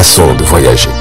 façon é do voyager.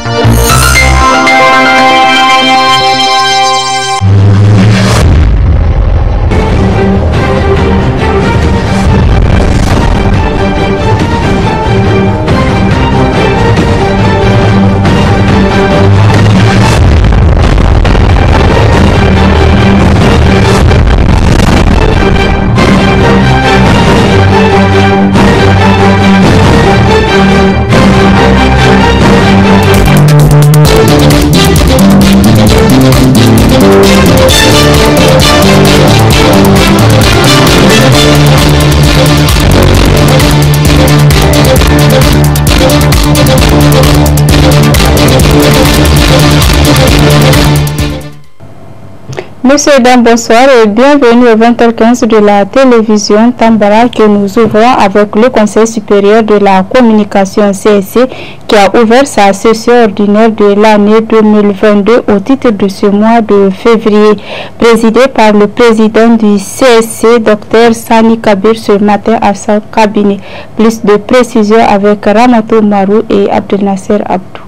Monsieur et bonsoir et bienvenue au 20h15 de la télévision Tambara que nous ouvrons avec le Conseil supérieur de la communication CSC qui a ouvert sa session ordinaire de l'année 2022 au titre de ce mois de février. Présidé par le président du CSC, Dr Sani Kabir, ce matin à sa cabinet. Plus de précisions avec Ramato Marou et Abdel Nasser Abdou.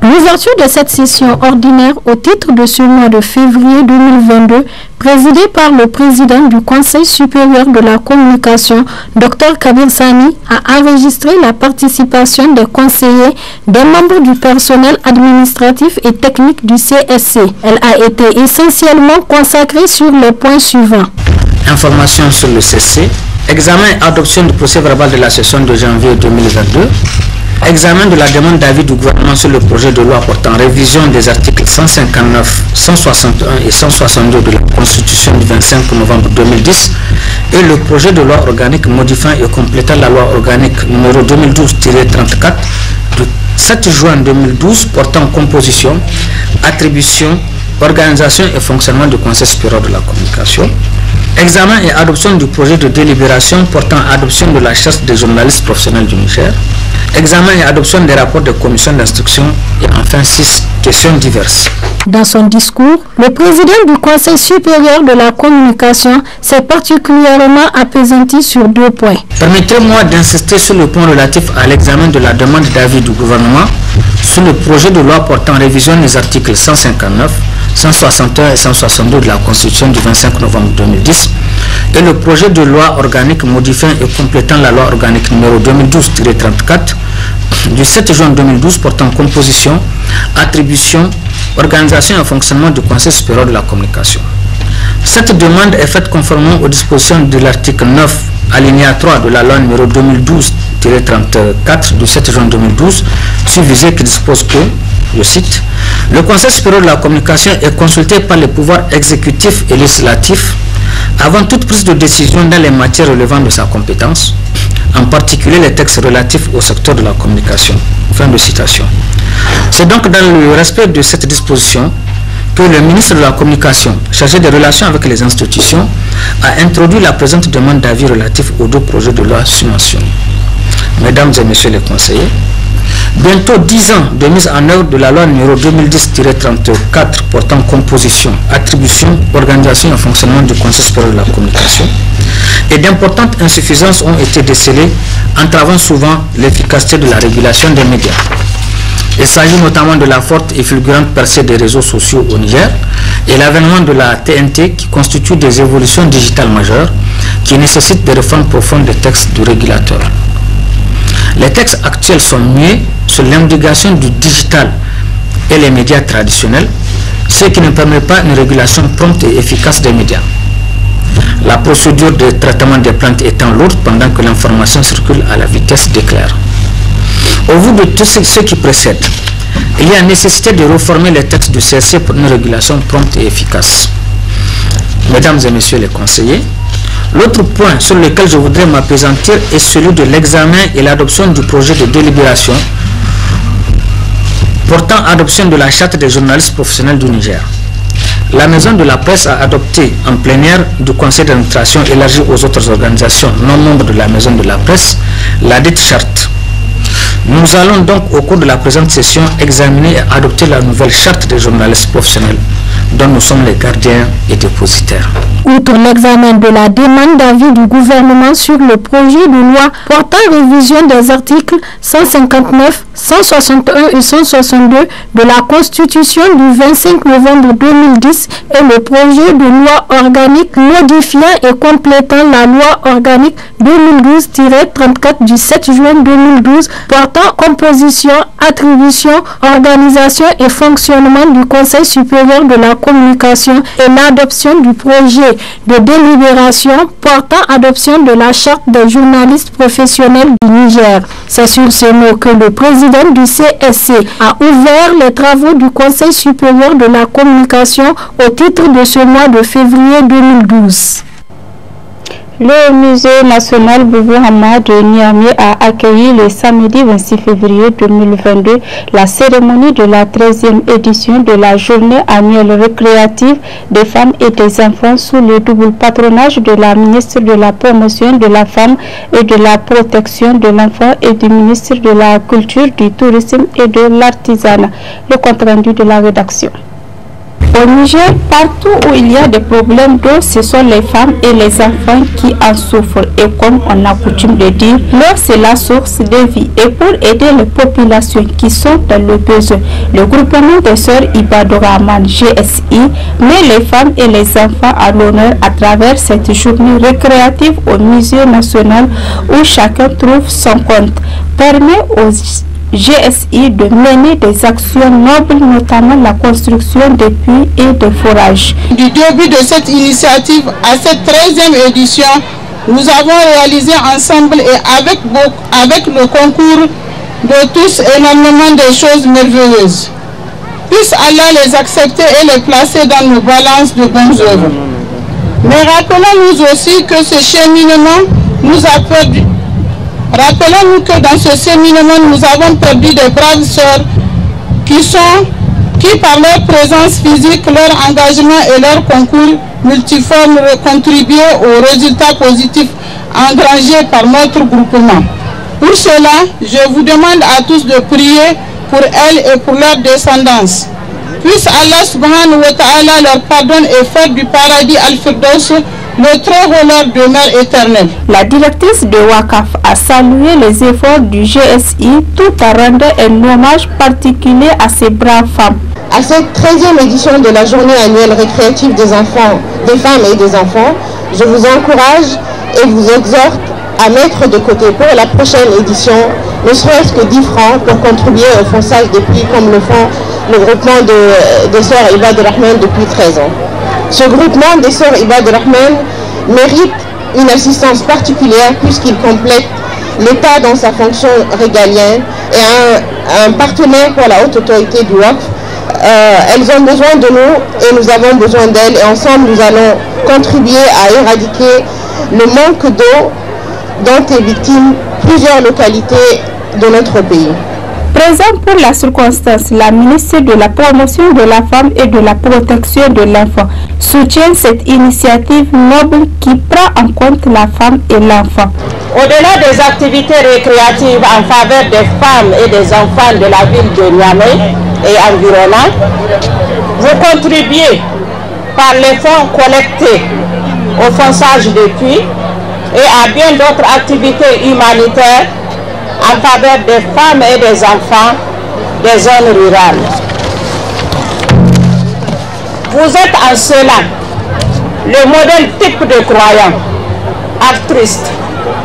L'ouverture de cette session ordinaire au titre de ce mois de février 2022, présidée par le président du Conseil supérieur de la communication, Dr Kabir Sani, a enregistré la participation des conseillers, des membres du personnel administratif et technique du CSC. Elle a été essentiellement consacrée sur les points suivants. Information sur le CSC, examen et adoption du procès verbal de la session de janvier 2022, Examen de la demande d'avis du gouvernement sur le projet de loi portant révision des articles 159, 161 et 162 de la Constitution du 25 novembre 2010 et le projet de loi organique modifiant et complétant la loi organique numéro 2012-34 du 7 juin 2012 portant composition, attribution, organisation et fonctionnement du Conseil supérieur de la communication. Examen et adoption du projet de délibération portant adoption de la chasse des journalistes professionnels du Niger examen et adoption des rapports de commission d'instruction et enfin six questions diverses. Dans son discours, le président du Conseil supérieur de la communication s'est particulièrement apaisanti sur deux points. Permettez-moi d'insister sur le point relatif à l'examen de la demande d'avis du gouvernement sur le projet de loi portant révision des articles 159, 161 et 162 de la Constitution du 25 novembre 2010 et le projet de loi organique modifiant et complétant la loi organique numéro 2012-34 du 7 juin 2012 portant composition, attribution, organisation et fonctionnement du Conseil supérieur de la communication. Cette demande est faite conformément aux dispositions de l'article 9, alinéa 3 de la loi numéro 2012-34 du 7 juin 2012, suivisée qui dispose que, je cite, « Le Conseil supérieur de la communication est consulté par les pouvoirs exécutifs et législatifs avant toute prise de décision dans les matières relevant de sa compétence, en particulier les textes relatifs au secteur de la communication. Fin de citation. C'est donc dans le respect de cette disposition que le ministre de la Communication, chargé des relations avec les institutions, a introduit la présente demande d'avis relatif aux deux projets de loi susmentionnés. Mesdames et Messieurs les conseillers, Bientôt 10 ans de mise en œuvre de la loi numéro 2010-34 portant composition, attribution, organisation et fonctionnement du Conseil supérieur de la communication. Et d'importantes insuffisances ont été décelées, entravant souvent l'efficacité de la régulation des médias. Il s'agit notamment de la forte et fulgurante percée des réseaux sociaux au Niger et l'avènement de la TNT qui constitue des évolutions digitales majeures qui nécessitent des réformes profondes des textes du régulateur. Les textes actuels sont muets sur l'indication du digital et les médias traditionnels, ce qui ne permet pas une régulation prompte et efficace des médias. La procédure de traitement des plaintes étant lourde pendant que l'information circule à la vitesse d'éclair. Au vu de tout ce qui précède, il y a nécessité de reformer les textes du CRC pour une régulation prompte et efficace mesdames et messieurs les conseillers, l'autre point sur lequel je voudrais m'appesantir est celui de l'examen et l'adoption du projet de délibération portant adoption de la charte des journalistes professionnels du Niger. La maison de la presse a adopté en plénière du conseil d'administration élargi aux autres organisations non membres de la maison de la presse la dite charte. Nous allons donc au cours de la présente session examiner et adopter la nouvelle charte des journalistes professionnels dont nous sommes les gardiens et dépositaires. Outre l'examen de la demande d'avis du gouvernement sur le projet de loi portant révision des articles 159, 161 et 162 de la Constitution du 25 novembre 2010 et le projet de loi organique modifiant et complétant la loi organique 2012-34 du 7 juin 2012 portant composition, attribution, organisation et fonctionnement du Conseil supérieur de la communication et l'adoption du projet de délibération portant adoption de la charte des journalistes professionnels du Niger. C'est sur ce mot que le président du CSC a ouvert les travaux du Conseil supérieur de la communication au titre de ce mois de février 2012. Le musée national Hamad de Niamey a accueilli le samedi 26 février 2022 la cérémonie de la 13e édition de la journée annuelle récréative des femmes et des enfants sous le double patronage de la ministre de la promotion de la femme et de la protection de l'enfant et du ministre de la culture, du tourisme et de l'artisanat. Le compte rendu de la rédaction. Au Niger, partout où il y a des problèmes d'eau, ce sont les femmes et les enfants qui en souffrent. Et comme on a coutume de dire, l'eau c'est la source de vie. Et pour aider les populations qui sont dans le besoin, le groupement des sœurs Ibadoraman GSI met les femmes et les enfants à l'honneur à travers cette journée récréative au Musée national où chacun trouve son compte. Permet aux GSI de mener des actions nobles, notamment la construction de puits et de forages. Du début de cette initiative à cette 13e édition, nous avons réalisé ensemble et avec, avec le concours de tous énormément de choses merveilleuses. Puisse Allah les accepter et les placer dans nos balances de bonnes œuvres. Mais rappelons-nous aussi que ce cheminement nous a perdu Rappelons-nous que dans ce séminaire, nous avons perdu des braves sœurs qui sont, qui par leur présence physique, leur engagement et leur concours ont contribué aux résultats positifs engrangés par notre groupement. Pour cela, je vous demande à tous de prier pour elles et pour leur descendance. Puisse Allah subhanahu wa ta'ala leur pardonne et faire du paradis al-Firdaus le très honneur éternel. La directrice de WACAF a salué les efforts du GSI tout en rendant un hommage particulier à ces braves femmes. À cette 13e édition de la journée annuelle récréative des enfants, des femmes et des enfants, je vous encourage et vous exhorte à mettre de côté pour la prochaine édition ne serait-ce que 10 francs pour contribuer au fonçage des prix comme le font le groupement de, euh, des sœurs Eva de Rahman depuis 13 ans. Ce groupement des sœurs Ibad Rahman mérite une assistance particulière puisqu'il complète l'État dans sa fonction régalienne et un, un partenaire pour la haute autorité du WAP. Euh, elles ont besoin de nous et nous avons besoin d'elles et ensemble nous allons contribuer à éradiquer le manque d'eau dont est victime plusieurs localités de notre pays. Présent pour la circonstance, la ministre de la Promotion de la Femme et de la Protection de l'Enfant soutient cette initiative noble qui prend en compte la femme et l'enfant. Au-delà des activités récréatives en faveur des femmes et des enfants de la ville de Niamey et environnant, vous contribuez par les fonds collectés au fonçage de puits et à bien d'autres activités humanitaires en faveur des femmes et des enfants des zones rurales. Vous êtes en cela le modèle type de croyants, artistes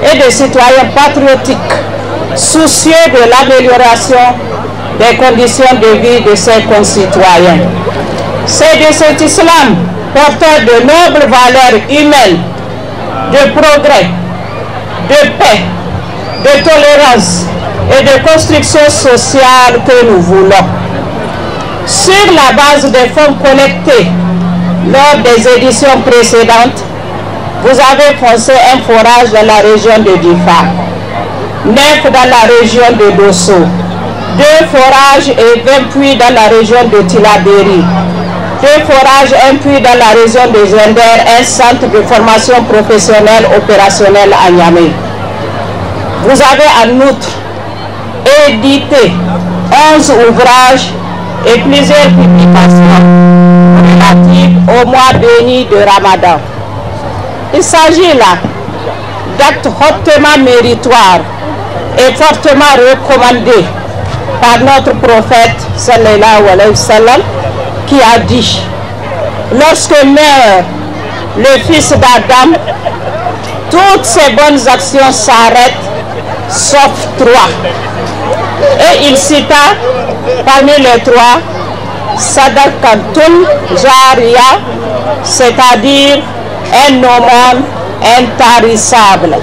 et de citoyens patriotiques soucieux de l'amélioration des conditions de vie de ses concitoyens. C'est de cet islam porteur de nobles valeurs humaines, de progrès, de paix de tolérance et de construction sociale que nous voulons. Sur la base des fonds collectés lors des éditions précédentes, vous avez foncé un forage dans la région de Difa, neuf dans la région de Dosso, deux forages et vingt puits dans la région de Tilaberi, deux forages, un puits dans la région de Zender, un centre de formation professionnelle opérationnelle à Niamey. Vous avez en outre édité 11 ouvrages et plusieurs publications relatives au mois béni de Ramadan. Il s'agit là d'actes hautement méritoires et fortement recommandés par notre prophète sallallahu alayhi wa qui a dit lorsque meurt le fils d'Adam toutes ses bonnes actions s'arrêtent sauf trois. Et il cita parmi les trois Sadakatul Jaria, c'est-à-dire un nomal intarissable.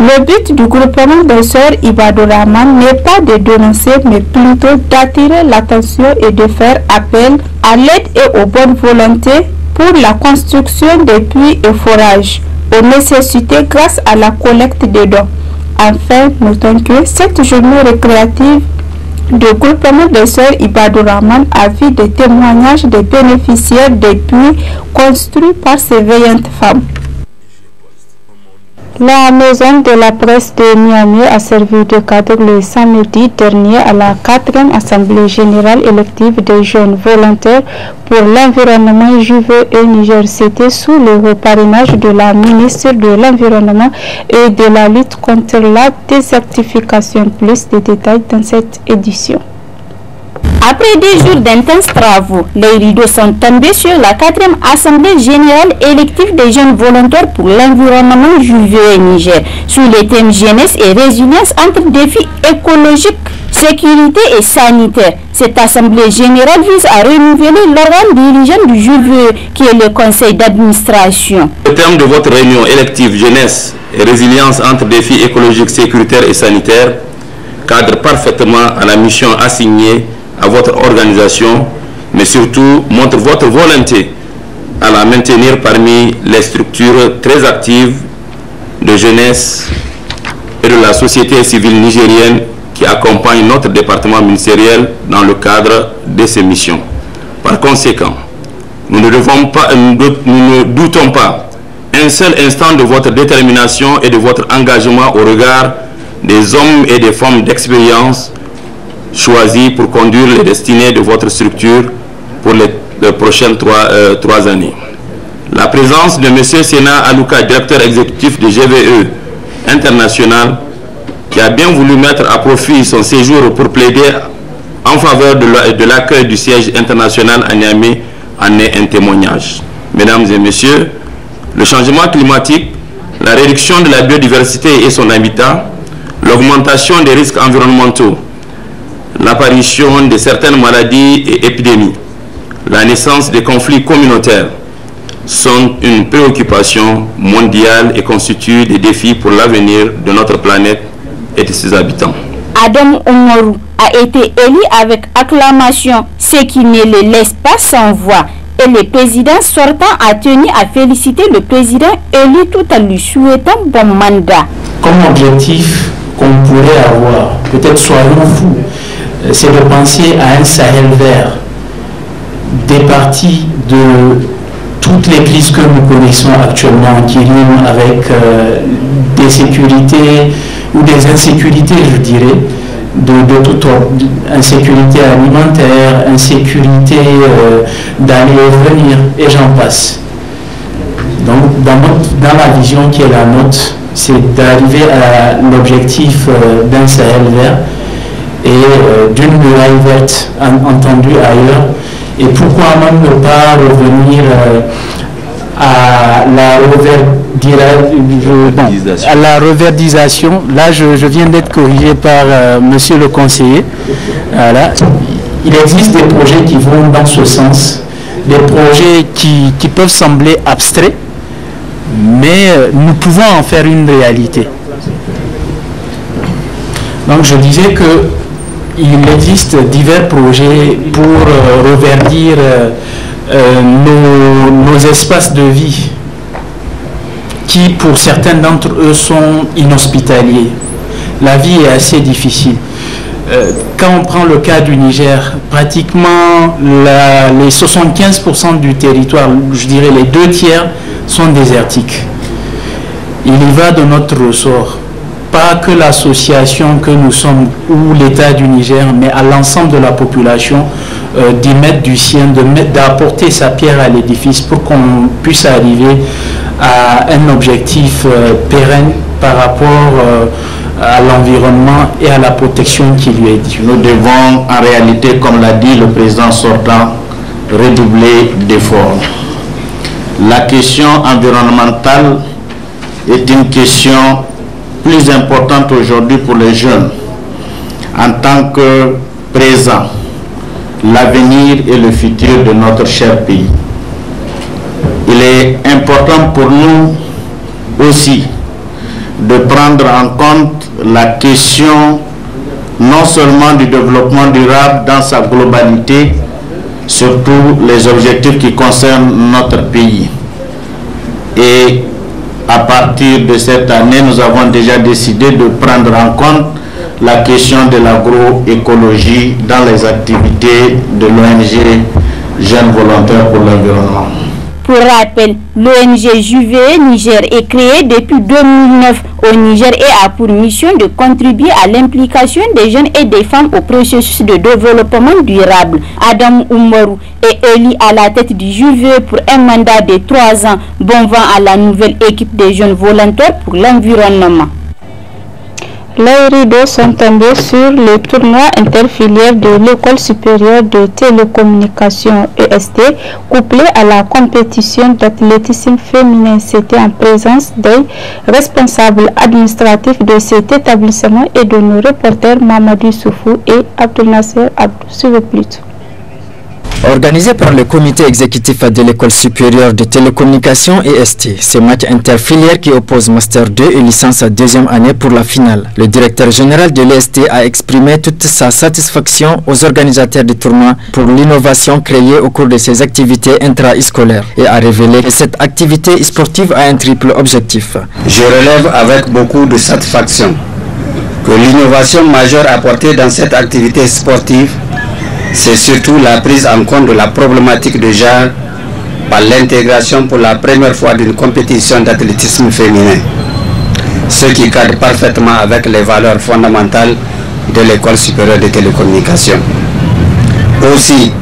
Le but du groupement des sœurs Rahman n'est pas de dénoncer, mais plutôt d'attirer l'attention et de faire appel à l'aide et aux bonnes volontés pour la construction des puits et forages aux nécessités grâce à la collecte des dons. Enfin, notons que cette journée récréative de groupement des sœurs Ibadouraman a vu des témoignages des bénéficiaires des puits construits par ces veillantes femmes. La maison de la presse de Miami a servi de cadre le samedi dernier à la 4e Assemblée générale élective des jeunes volontaires pour l'environnement Juve et Niger. C'était sous le parrainage de la ministre de l'Environnement et de la lutte contre la désertification. Plus de détails dans cette édition. Après des jours d'intenses travaux, les rideaux sont tombés sur la 4e Assemblée générale élective des jeunes volontaires pour l'environnement et Niger, sur les thèmes jeunesse et résilience entre défis écologiques, sécurité et sanitaire. Cette Assemblée générale vise à renouveler l'organe dirigeant du Juvé, qui est le conseil d'administration. Le thème de votre réunion élective jeunesse et résilience entre défis écologiques, sécuritaires et sanitaires, cadre parfaitement à la mission assignée à votre organisation, mais surtout montre votre volonté à la maintenir parmi les structures très actives de jeunesse et de la société civile nigérienne qui accompagne notre département ministériel dans le cadre de ses missions. Par conséquent, nous ne, pas, nous ne doutons pas un seul instant de votre détermination et de votre engagement au regard des hommes et des femmes d'expérience choisis pour conduire les destinées de votre structure pour les, prochaines euh, trois, années. La présence de M. Sénat Alouka, directeur exécutif de GVE International, qui a bien voulu mettre à profit son séjour pour plaider en faveur de l'accueil du siège international à Niamey en est un témoignage. Mesdames et messieurs, le changement climatique, la réduction de la biodiversité et son habitat, l'augmentation des risques environnementaux, l'apparition de certaines maladies et épidémies, la naissance des conflits communautaires sont une préoccupation mondiale et constituent des défis pour l'avenir de notre planète et de ses habitants. Adam Omoru a été élu avec acclamation, ce qui ne le laisse pas sans voix. Et le président sortant a tenu à féliciter le président élu tout en lui souhaitant bon mandat. Comme objectif qu'on pourrait avoir, peut-être soyons fous, euh, c'est de penser à un Sahel vert, des parties de toutes les crises que nous connaissons actuellement, qui riment avec euh, des sécurités ou des insécurités, je dirais, de, tout ordre. Insécurité alimentaire, insécurité euh, d'aller et venir, et j'en passe. Donc, dans, ma la vision qui est la nôtre, c'est d'arriver à l'objectif d'un Sahel vert euh, d'une muraille verte entendue ailleurs. Et pourquoi même ne pas revenir euh, à la, reverdisation. Euh, à la reverdisation. Là, je, viens d'être corrigé par monsieur le conseiller. Il existe des projets qui vont dans ce sens, des projets qui, peuvent sembler abstraits, mais nous pouvons en faire une réalité. Donc je disais que il existe divers projets pour euh, reverdir euh, euh, nos, espaces de vie qui, pour certains d'entre eux, sont inhospitaliers. La vie est assez difficile. quand on prend le cas du Niger, pratiquement les 75% du territoire, je dirais les deux tiers, sont désertiques. Il y va de notre ressort pas que l'association que nous sommes ou l'État du Niger, mais à l'ensemble de la population euh, d'y mettre du sien, d'apporter sa pierre à l'édifice pour qu'on puisse arriver à un objectif euh, pérenne par rapport euh, à l'environnement et à la protection qui lui est due. Nous devons en réalité, comme l'a dit le président sortant, redoubler d'efforts. La question environnementale est une question plus importante aujourd'hui pour les jeunes en tant que présent, l'avenir et le futur de notre cher pays. Il est important pour nous aussi de prendre en compte la question non seulement du développement durable dans sa globalité, surtout les objectifs qui concernent notre pays. Et à partir de cette année, nous avons déjà décidé de prendre en compte la question de l'agroécologie dans les activités de l'ONG Jeunes Volontaires pour l'Environnement. Pour rappel, l'ONG Juve Niger est créée depuis 2009 au Niger et a pour mission de contribuer à l'implication des jeunes et des femmes au processus de développement durable. Adam Oumarou est élu à la tête du Juve pour un mandat de trois ans. Bon vent à la nouvelle équipe des jeunes volontaires pour l'environnement. Les rideaux sont tombés sur le tournoi interfilière de l'École supérieure de télécommunication EST, couplé à la compétition d'athlétisme féminin. C'était en présence des responsables administratifs de cet établissement et de nos reporters Mamadou Soufou et Abdel Nasser Abdou. Organisé par le comité exécutif de l'école supérieure de télécommunications EST, ce match interfilière qui oppose Master 2 et licence à deuxième année pour la finale. Le directeur général de l'EST a exprimé toute sa satisfaction aux organisateurs du tournoi pour l'innovation créée au cours de ces activités intra-scolaires et a révélé que cette activité sportive a un triple objectif. Je relève avec beaucoup de satisfaction que l'innovation majeure apportée dans cette activité sportive c'est surtout la prise en compte de la problématique de genre par l'intégration pour la première fois d'une compétition d'athlétisme féminin, ce qui cadre parfaitement avec les valeurs fondamentales de l'école supérieure de télécommunication. Aussi,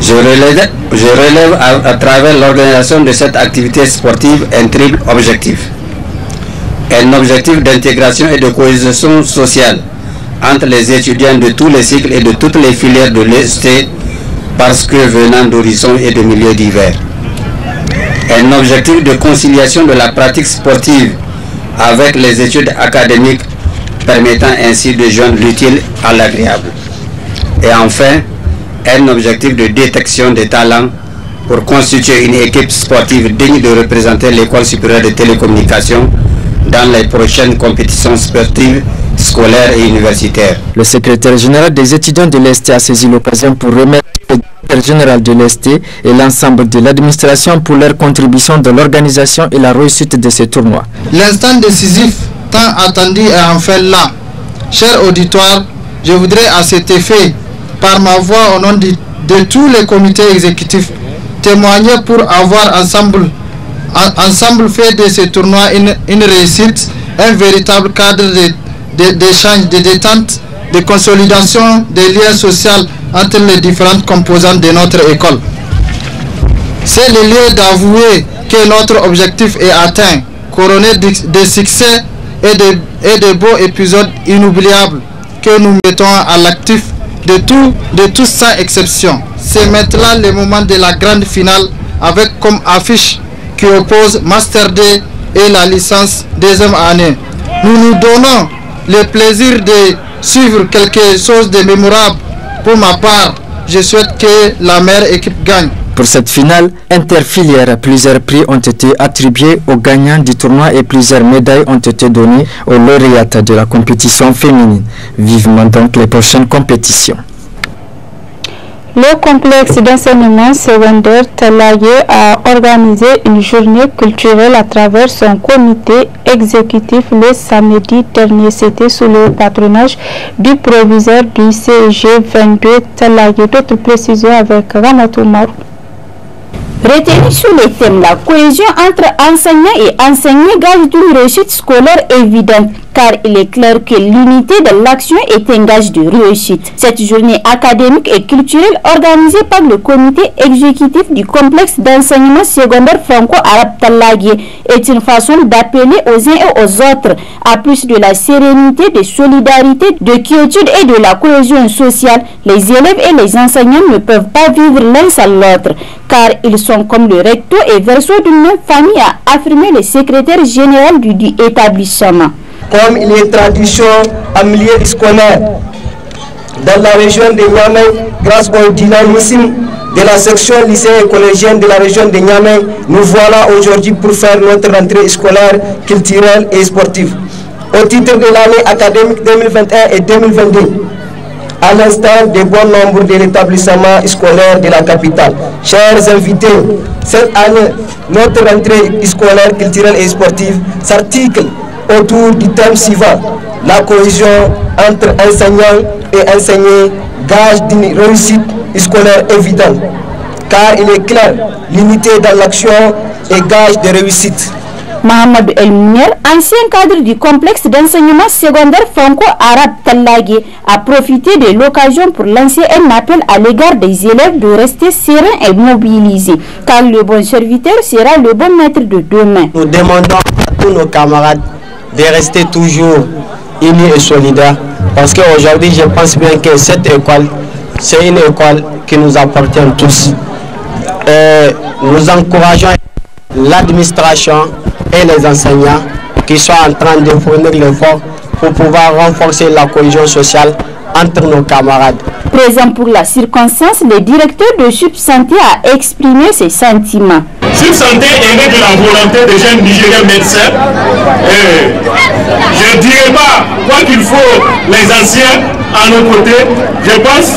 je relève, je relève à, à, travers l'organisation de cette activité sportive un triple objectif. Un objectif d'intégration et de cohésion sociale entre les étudiants de tous les cycles et de toutes les filières de l'EST parce que venant d'horizons et de milieux divers. Un objectif de conciliation de la pratique sportive avec les études académiques permettant ainsi de joindre l'utile à l'agréable. Et enfin, un objectif de détection des talents pour constituer une équipe sportive digne de représenter l'école supérieure de télécommunications dans les prochaines compétitions sportives scolaire et universitaire. Le secrétaire général des étudiants de l'Est a saisi l'occasion pour remercier le secrétaire général de l'Est et l'ensemble de l'administration pour leur contribution dans l'organisation et la réussite de ce tournoi. L'instant décisif tant attendu est enfin là. Cher auditoire, je voudrais à cet effet, par ma voix au nom de, tous les comités exécutifs, témoigner pour avoir ensemble, ensemble fait de ce tournoi une, une réussite, un véritable cadre de, d'échanges, de, détente, de consolidation des liens sociaux entre les différentes composantes de notre école. C'est le lieu d'avouer que notre objectif est atteint, couronné de, succès et de, de beaux épisodes inoubliables que nous mettons à l'actif de, tout, de tous sans exception. C'est maintenant le moment de la grande finale avec comme affiche qui oppose Master D et la licence deuxième année. Nous nous donnons le plaisir de suivre quelque chose de mémorable. Pour ma part, je souhaite que la meilleure équipe gagne. Pour cette finale interfilière, plusieurs prix ont été attribués aux gagnants du tournoi et plusieurs médailles ont été données aux lauréates de la compétition féminine. Vivement donc les prochaines compétitions. Le complexe d'enseignement secondaire Talaye a organisé une journée culturelle à travers son comité exécutif le samedi dernier. C'était sous le patronage du proviseur du CG 22 Talaye. D'autres précisions avec Ramatoumar. Retenu sur le thème la cohésion entre enseignants et enseignants gagne d'une réussite scolaire évidente car il est clair que l'unité de l'action est un gage de réussite. Cette journée académique et culturelle organisée par le comité exécutif du complexe d'enseignement secondaire franco-arabe est une façon d'appeler aux uns et aux autres à plus de la sérénité, de solidarité, de quiétude et de la cohésion sociale. Les élèves et les enseignants ne peuvent pas vivre l'un sans l'autre car ils sont comme le recto et verso d'une même famille, a affirmé le secrétaire général du, du établissement comme il est tradition en milieu scolaire dans la région de Niamey grâce au dynamisme de la section lycée et collégienne de la région de Niamey, nous voilà aujourd'hui pour faire notre rentrée scolaire, culturelle et sportive. Au titre de l'année académique 2021 et 2022, à l'instar des bon nombre de l'établissement scolaire de la capitale. Chers invités, cette année, notre rentrée scolaire, culturelle et sportive s'articule autour du thème suivant, la cohésion entre enseignants et enseignés gage d'une réussite scolaire évidente, car il est clair, l'unité dans l'action est gage de réussite. Mohamed El Munir, ancien cadre du complexe d'enseignement secondaire franco-arabe Talagé, a profité de l'occasion pour lancer un appel à l'égard des élèves de rester sereins et mobilisés, car le bon serviteur sera le bon maître de demain. Nous demandons à tous nos camarades de rester toujours unis et solidaires. Parce qu'aujourd'hui, je pense bien que cette école, c'est une école qui nous appartient tous. nous encourageons l'administration et les enseignants qui sont en train de fournir l'effort pour pouvoir renforcer la cohésion sociale entre nos camarades. Présent pour la circonstance, le directeur de Subsanté a exprimé ses sentiments. Sub Santé est né de la volonté des jeunes Nigériens médecins. Euh, je ne dirais pas, quoi qu'il faut, les anciens à nos côtés, je pense,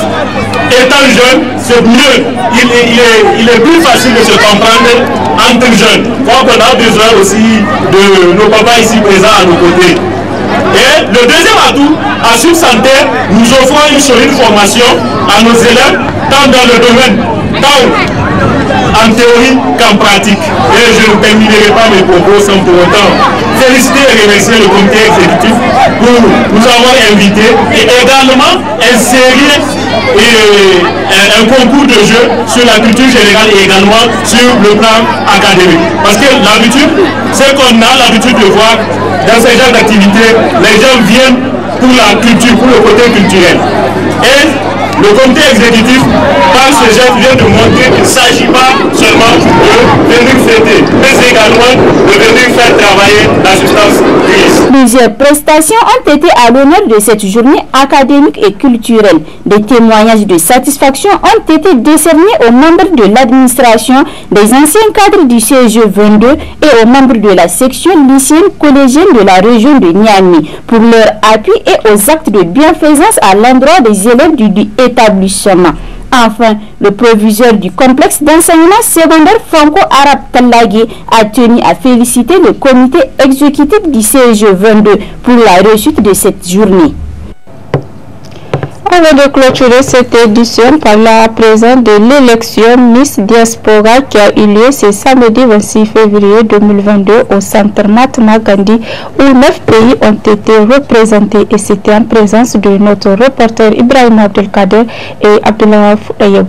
étant jeune, c'est mieux. Il est, il, est, plus facile de se comprendre entre jeunes. crois qu'on a besoin aussi de nos papas ici présents à nos côtés. Et le deuxième atout, à Sub Santé, nous offrons une solide formation à nos élèves, tant dans le domaine, tant en théorie qu'en pratique. Et je ne terminerai pas mes propos sans pour autant féliciter et remercier le comité exécutif pour nous avoir invités et également insérer euh, un, concours de jeu sur la culture générale et également sur le plan académique. Parce que l'habitude, c'est qu'on a l'habitude de voir dans ces genres d'activité, les gens viennent pour la culture, pour le côté culturel. Le comité exécutif, par ce geste, vient de montrer qu'il ne s'agit pas seulement de venir fêter, mais également de venir faire travailler la substance Plusieurs prestations ont été à l'honneur de cette journée académique et culturelle. Des témoignages de satisfaction ont été décernés aux membres de l'administration, des anciens cadres du CGE 22 et aux membres de la section lycéenne collégienne de la région de Niamey pour leur appui et aux actes de bienfaisance à l'endroit des élèves du, du Enfin, le proviseur du complexe d'enseignement secondaire franco-arabe Talagé a tenu à féliciter le comité exécutif du CEG 22 pour la réussite de cette journée. On de clôturer cette édition par la présence de l'élection Miss Diaspora qui a eu lieu ce samedi 26 février 2022 au centre Mahatma Gandhi où neuf pays ont été représentés et c'était en présence de notre reporter Ibrahim Abdelkader et Abdullah Ayab.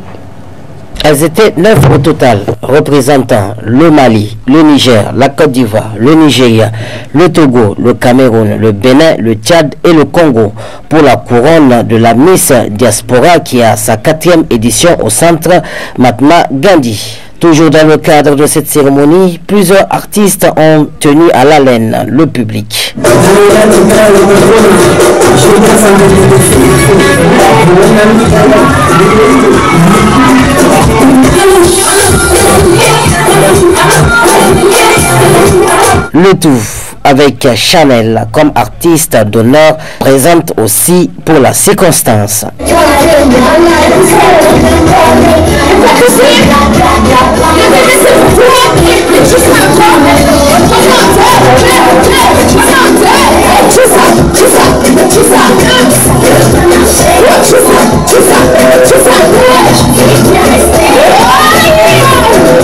Elles étaient neuf au total, représentant le Mali, le Niger, la Côte d'Ivoire, le Nigeria, le Togo, le Cameroun, le Bénin, le Tchad et le Congo pour la couronne de la Miss Diaspora qui a sa quatrième édition au centre Matma Gandhi. Toujours dans le cadre de cette cérémonie, plusieurs artistes ont tenu à l'haleine le public. Le tout avec Chanel comme artiste d'honneur présente aussi pour la circonstance.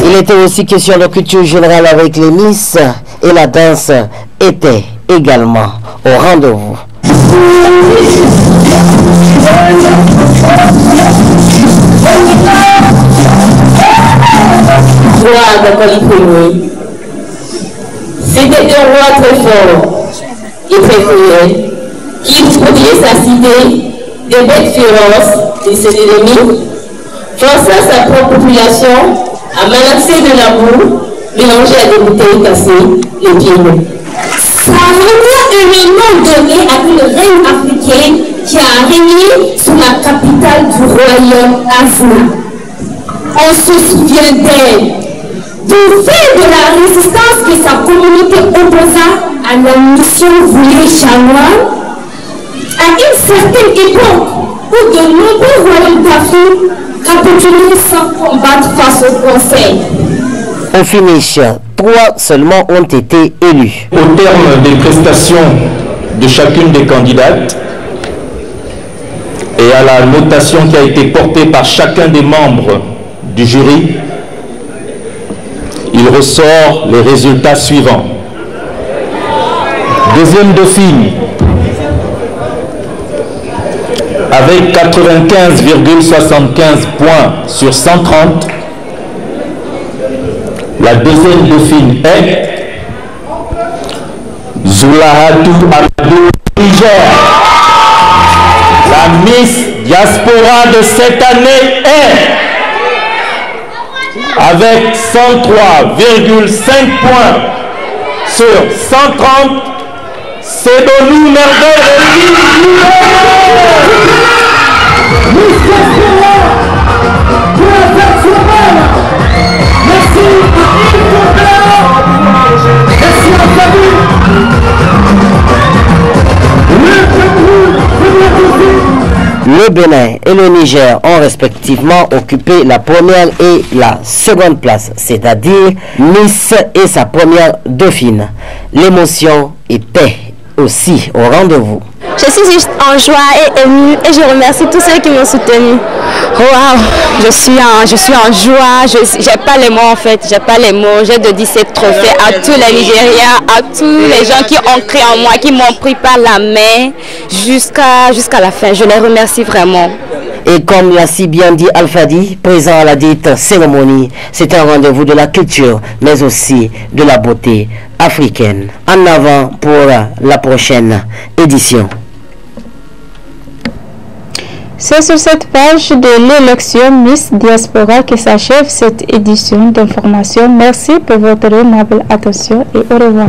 Il était aussi question de culture générale avec les Miss et la danse était également au rendez-vous. C'était un roi très fort. Il préférait, il prodigeait sa cité des bêtes féroces et ses ennemis forçant sa propre population à menacer de l'amour mélangé à des bouteilles cassées, les pieds nus. Ça vraiment un nom donné avec le règne africain qui a régné sur la capitale du royaume Asna. On se souvient d'elle, du fait de la résistance que sa communauté opposa à la mission voulée chanoine, à une certaine époque où de nombreux royaumes d'Afrique continue sans combattre face au Conseil. On finit. Trois seulement ont été élus. Au terme des prestations de chacune des candidates et à la notation qui a été portée par chacun des membres du jury, il ressort les résultats suivants. Deuxième dauphine, avec 95,75 points sur 130. La deuxième dauphine est Zulahatu Abdou Niger. La Miss Diaspora de cette année est avec 103,5 points sur 130 c'est Le Bénin et le Niger ont respectivement occupé la première et la seconde place, c'est-à-dire Nice et sa première dauphine. L'émotion était aussi au rendez-vous. Je suis juste en joie et émue et je remercie tous ceux qui m'ont soutenu. Wow, je suis en, je suis en joie, je n'ai pas les mots en fait, j'ai pas les mots, j'ai de 17 trophées à tous les Nigériens, à tous les gens qui ont cru en moi, qui m'ont pris par la main jusqu'à jusqu'à la fin. Je les remercie vraiment. Et comme l'a si bien dit Alfadi, présent à la dite cérémonie, c'est un rendez-vous de la culture, mais aussi de la beauté africaine. En avant pour la prochaine édition. C'est sur cette page de l'élection Miss Diaspora que s'achève cette édition d'information. Merci pour votre aimable attention et au revoir.